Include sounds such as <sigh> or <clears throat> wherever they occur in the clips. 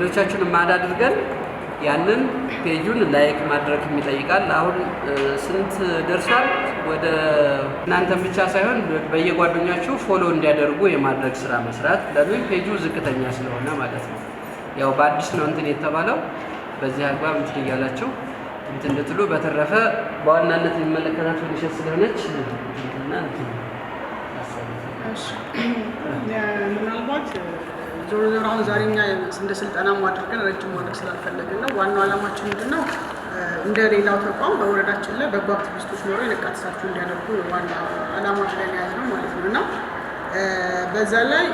ሌሎቻችሁን ማድ አድርገን ያንን ፔጁን ላይክ ማድረግ የሚጠይቃል። አሁን ስንት ደርሷል? ወደ እናንተን ብቻ ሳይሆን በየጓደኛችሁ ፎሎ እንዲያደርጉ የማድረግ ስራ መስራት። ለምን ፔጁ ዝቅተኛ ስለሆነ ማለት ነው። ያው በአዲስ ነው እንትን የተባለው። በዚህ አግባብ እንትን እያላችሁ እንትን ልትሉ። በተረፈ በዋናነት የሚመለከታቸው ሊሸት ስለሆነች እና <clears throat> ምናልባት ዞሮ ዞሮ አሁን ዛሬ እኛ እንደ ስልጠናም አድርገን ረጅም ማድረግ ስላልፈለግን ነው። ዋናው ዓላማችን ምንድን ነው? እንደ ሌላው ተቋም በወረዳችን ላይ በጎ አክቲቪስቶች ኖሮ የነቃ ተሳትፎ እንዲያደርጉ ዋና ዓላማዎች ላይ ያዝ ነው ማለት ነው እና በዛ ላይ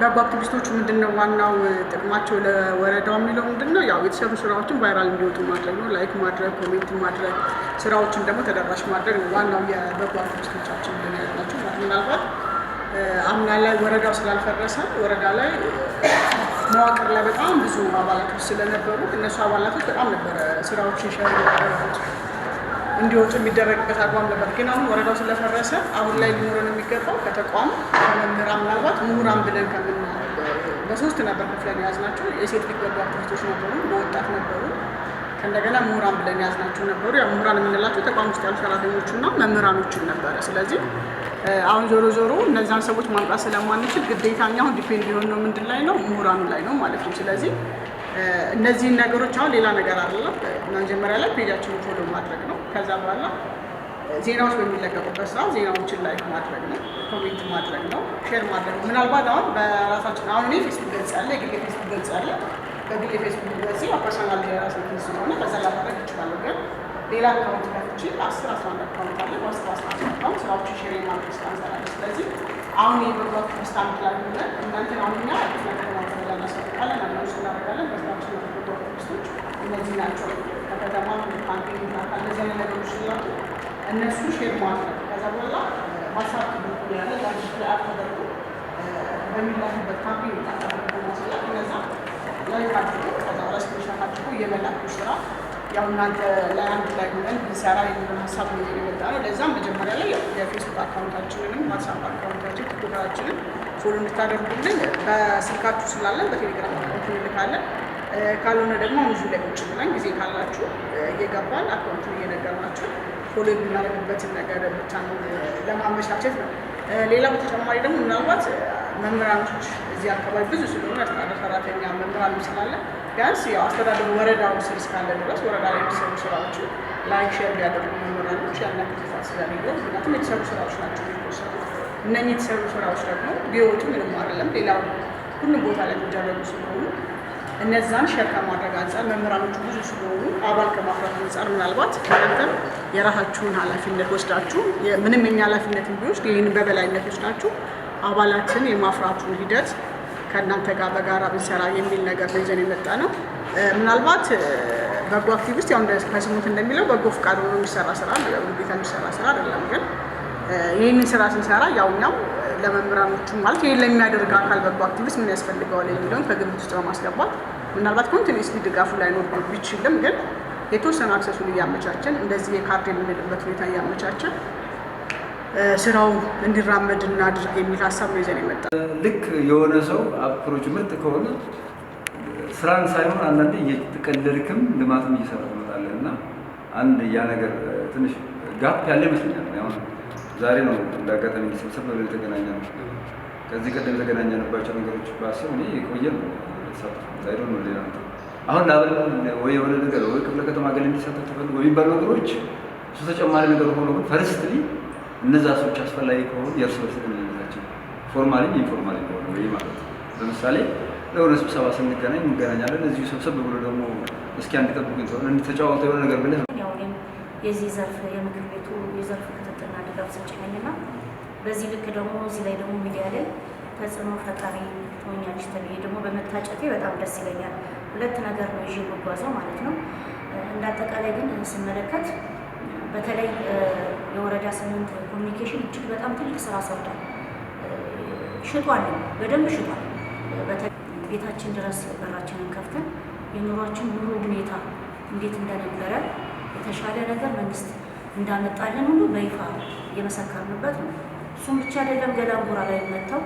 በጎ አክቲቪስቶቹ ምንድን ነው ዋናው ጥቅማቸው ለወረዳው የሚለው ምንድን ነው? ያው የተሰሩ ስራዎችን ቫይራል እንዲወጡ ማድረግ ነው። ላይክ ማድረግ፣ ኮሜንት ማድረግ፣ ስራዎችን ደግሞ ተደራሽ ማድረግ ዋናው የበጎ አክቲቪስቶቻችን ምናልባት አምና ላይ ወረዳው ስላልፈረሰ ወረዳ ላይ መዋቅር ላይ በጣም ብዙ አባላቶች ስለነበሩ እነሱ አባላቶች በጣም ነበረ ስራዎችን ሸር እንዲወጡ የሚደረግበት አቋም ነበር። ግን አሁን ወረዳው ስለፈረሰ አሁን ላይ ሊኖረን የሚገባው ከተቋም ከመምህራን ምናልባት ምሁራን ብለን ከምና በሶስት ነበር ክፍለን የያዝናቸው የሴት ልጅ በጎ ነበሩ፣ በወጣት ነበሩ፣ ከእንደገና ምሁራን ብለን የያዝናቸው ነበሩ። ያ ምሁራን የምንላቸው ተቋም ውስጥ ያሉ ሰራተኞቹና መምህራኖችን ነበረ። ስለዚህ አሁን ዞሮ ዞሮ እነዛን ሰዎች ማምጣት ስለማንችል ግዴታኛ አሁን ዲፔንድ ነው ምንድን ላይ ነው? ምሁራኑ ላይ ነው ማለት ነው። ስለዚህ እነዚህን ነገሮች አሁን ሌላ ነገር አይደለም። መጀመሪያ ላይ ፔጃችን ፎሎ ማድረግ ነው። ከዛ በኋላ ዜናዎች በሚለቀቁበት ሰዓት ዜናዎችን ላይክ ማድረግ ነው፣ ኮሜንት ማድረግ ነው፣ ሼር ማድረግ ነው። ምናልባት አሁን በራሳችን አሁን ፌስቡክ ገጽ ያለ የግል ፌስቡክ ገጽ ያለ በግል ፌስቡክ ገጽ ሌላ አካውንት ከፍቼ አስር አስራ አንድ አካውንት አለ። በአስራ አስራ አንድ አካውንት ስራዎችን ሼር የማድረግ ስራ ስለዚህ አሁን የበጓት ስታንድ ላይ ሆነ እናንተ አሁኛ አዲስ ነገር አናውስ እናደርጋለን። በስራችን እነዚህ ናቸው። ከከተማ አይነት ነገሮች ስላሉ እነሱ ሼር ማድረግ ከዛ በኋላ ዋትሳፕ በኩል ያለ ለአዲስ ተደርጎ ስላ እነዛ ላይ ካድርጎ ከዛ በኋላ ስፔሻ ስራ ያው እናንተ ላይ አንድ ላይ ሆነን ብንሰራ የሚሆን ሀሳብ ነው የመጣ ነው። ለዛም መጀመሪያ ላይ የፌስቡክ አካውንታችንንም ዋትሳፕ አካውንታችን ትኩራችንን ፎሎ እንድታደርጉልን በስልካችሁ ስላለን በቴሌግራም አካውንት እንልካለን። ካልሆነ ደግሞ አንዙ ላይ ውጭ ብለን ጊዜ ካላችሁ እየገባል አካውንቱን እየነገርናችሁ ፎሎ የምናደርግበትን ነገር ብቻ ለማመቻቸት ነው። ሌላ በተጨማሪ ደግሞ ምናልባት መምህራኖች እዚህ አካባቢ ብዙ ስለሆነ ሰራተኛ መምህራን ስላለን ቢያንስ ያው አስተዳደሩ ወረዳው ስር እስካለ ድረስ ወረዳ ላይ የሚሰሩ ስራዎቹ ላይክ ሼር ሊያደርጉ መምህራኖች ያለ ክትፋት ስለሌለው ምክንያቱም የተሰሩ ስራዎች ናቸው የሚወሰዱ እነኚህ የተሰሩ ስራዎች ደግሞ ቢወጡ ምንም አይደለም። ሌላው ሁሉም ቦታ ላይ የሚደረጉ ስለሆኑ እነዛን ሸር ከማድረግ አንጻር መምህራኖቹ ብዙ ስለሆኑ አባል ከማፍራት አንጻር ምናልባት እናንተም የራሳችሁን ኃላፊነት ወስዳችሁ ምንም የኛ ኃላፊነት ቢወስድ ይህን በበላይነት ወስዳችሁ አባላትን የማፍራቱን ሂደት ከእናንተ ጋር በጋራ ብንሰራ የሚል ነገር ነው ይዘን የመጣ ነው። ምናልባት በጎ አክቲቪስት ያው ከስሙት እንደሚለው በጎ ፍቃድ ሆኖ የሚሰራ ስራ ነው። ግዴታ የሚሰራ ስራ አይደለም። ግን ይህንን ስራ ስንሰራ ያው እኛም ለመምህራኖቹ ማለት ይህን ለሚያደርግ አካል በጎ አክቲቪስት ምን ያስፈልገዋል የሚለውን ከግምት ውስጥ በማስገባት ምናልባት ኮንቲኒስሊ ድጋፉ ላይ ኖር ቢችልም ግን የተወሰኑ አክሰሱን እያመቻችን እንደዚህ የካርድ የምንልበት ሁኔታ እያመቻችን ስራው እንዲራመድ እናድርግ የሚል ሀሳብ ነው ይዘን የመጣ። ልክ የሆነ ሰው አፕሮች ምርጥ ከሆነ ስራን ሳይሆን አንዳንዴ እየተቀለድክም ልማትም እየሰራ ትመጣለህ እና አንድ ያ ነገር ትንሽ ጋፕ ያለ ይመስለኛል። ሁ ዛሬ ነው እንዳጋጣሚ ሰብሰብ ነው የተገናኘ ነው። ከዚህ ቀደም የተገናኘንባቸው ነገሮች ባስብ እኔ የቆየ ነው ሳይሆን ነው ሌላ አሁን ላበል ወይ የሆነ ነገር ወይ ክፍለ ከተማ ገል እንዲሳተፍ ወይ የሚባሉ ነገሮች እሱ ተጨማሪ ነገር ሆኖ ፈርስትሊ እነዛ ሰዎች አስፈላጊ ከሆኑ የእርስ በርስ ግንኙነታችን ፎርማሊ ኢንፎርማሊ ከሆነ ወይ ማለት ነው። ለምሳሌ ለሆነ ስብሰባ ስንገናኝ እንገናኛለን። እዚሁ ሰብሰብ ብሎ ደግሞ እስኪ አንድ ጠብቁኝ ተሆነ እንተጫወተ የሆነ ነገር ብለህ የዚህ ዘርፍ የምክር ቤቱ የዘርፍ ክትትልና ድጋፍ ሰጭ ነኝ እና በዚህ ልክ ደግሞ እዚህ ላይ ደግሞ ሚዲያ ላይ ተጽዕኖ ፈጣሪ ትሆኛለች ተብዬ ደግሞ በመታጨቴ በጣም ደስ ይለኛል። ሁለት ነገር ነው ይዤ የምጓዘው ማለት ነው። እንዳጠቃላይ ግን ስመለከት በተለይ የወረዳ ስምንት ኮሚኒኬሽን እጅግ በጣም ትልቅ ስራ ሰርቷል። ሽጧል፣ በደንብ ሽጧል። ቤታችን ድረስ በራችንን ከፍተን የኑሯችን ኑሮ ሁኔታ እንዴት እንደነበረ የተሻለ ነገር መንግስት እንዳመጣልን ሁሉ በይፋ የመሰከርንበት ነው። እሱም ብቻ አይደለም፣ ገላንጉራ ላይ መጥተው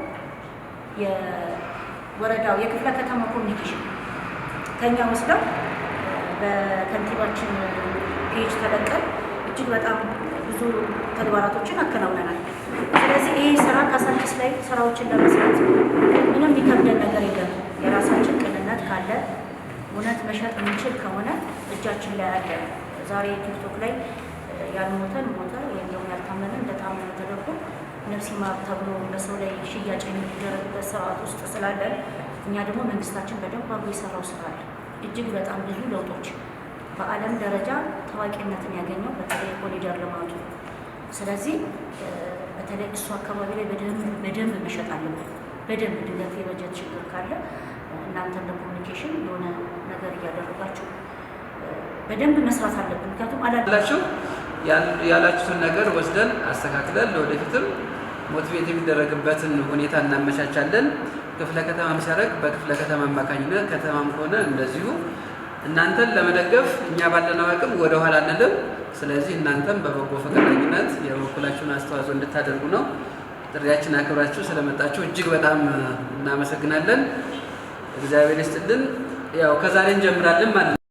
የወረዳው የክፍለ ከተማ ኮሚኒኬሽን ከኛ ወስደው በከንቲባችን ፔጅ ተለቀል እጅግ በጣም ብዙ ተግባራቶችን አከናውነናል። ስለዚህ ይሄ ስራ ካሳንቺስ ላይ ስራዎችን ለመስራት ምንም የሚከብደን ነገር የለም። የራሳችን ቅንነት ካለ እውነት መሸጥ የምንችል ከሆነ እጃችን ላይ አለ። ዛሬ ቲክቶክ ላይ ያልሞተን ሞተ ወይም ደግሞ ያልታመመን ተደርጎ ነፍሲ ማር ተብሎ በሰው ላይ ሽያጭ የሚደረግበት ስርዓት ውስጥ ስላለን እኛ ደግሞ መንግስታችን በደንብ አብሮ የሰራው ስራ አለ። እጅግ በጣም ብዙ ለውጦች በዓለም ደረጃ ታዋቂነትን ያገኘው በተለይ ኮሊደር ልማቱ። ስለዚህ በተለይ እሱ አካባቢ ላይ በደንብ መሸጥ አለብን። በደንብ ድጋፍ የበጀት ችግር ካለ እናንተ እንደ ኮሚኒኬሽን የሆነ ነገር እያደረጋችሁ በደንብ መስራት አለብን። ምክንያቱም አላላችሁ ያላችሁትን ነገር ወስደን አስተካክለን ለወደፊትም ሞቲቬት የሚደረግበትን ሁኔታ እናመቻቻለን። ክፍለ ከተማ ሲያደርግ በክፍለ ከተማ አማካኝነት ከተማም ከሆነ እንደዚሁ እናንተን ለመደገፍ እኛ ባለነው አቅም ወደኋላ አንልም። ስለዚህ እናንተም በበጎ ፈቃደኝነት የበኩላችሁን አስተዋጽኦ እንድታደርጉ ነው ጥሪያችን። አክብራችሁ ስለመጣችሁ እጅግ በጣም እናመሰግናለን። እግዚአብሔር ይስጥልን። ያው ከዛሬ እንጀምራለን ማለት ነው።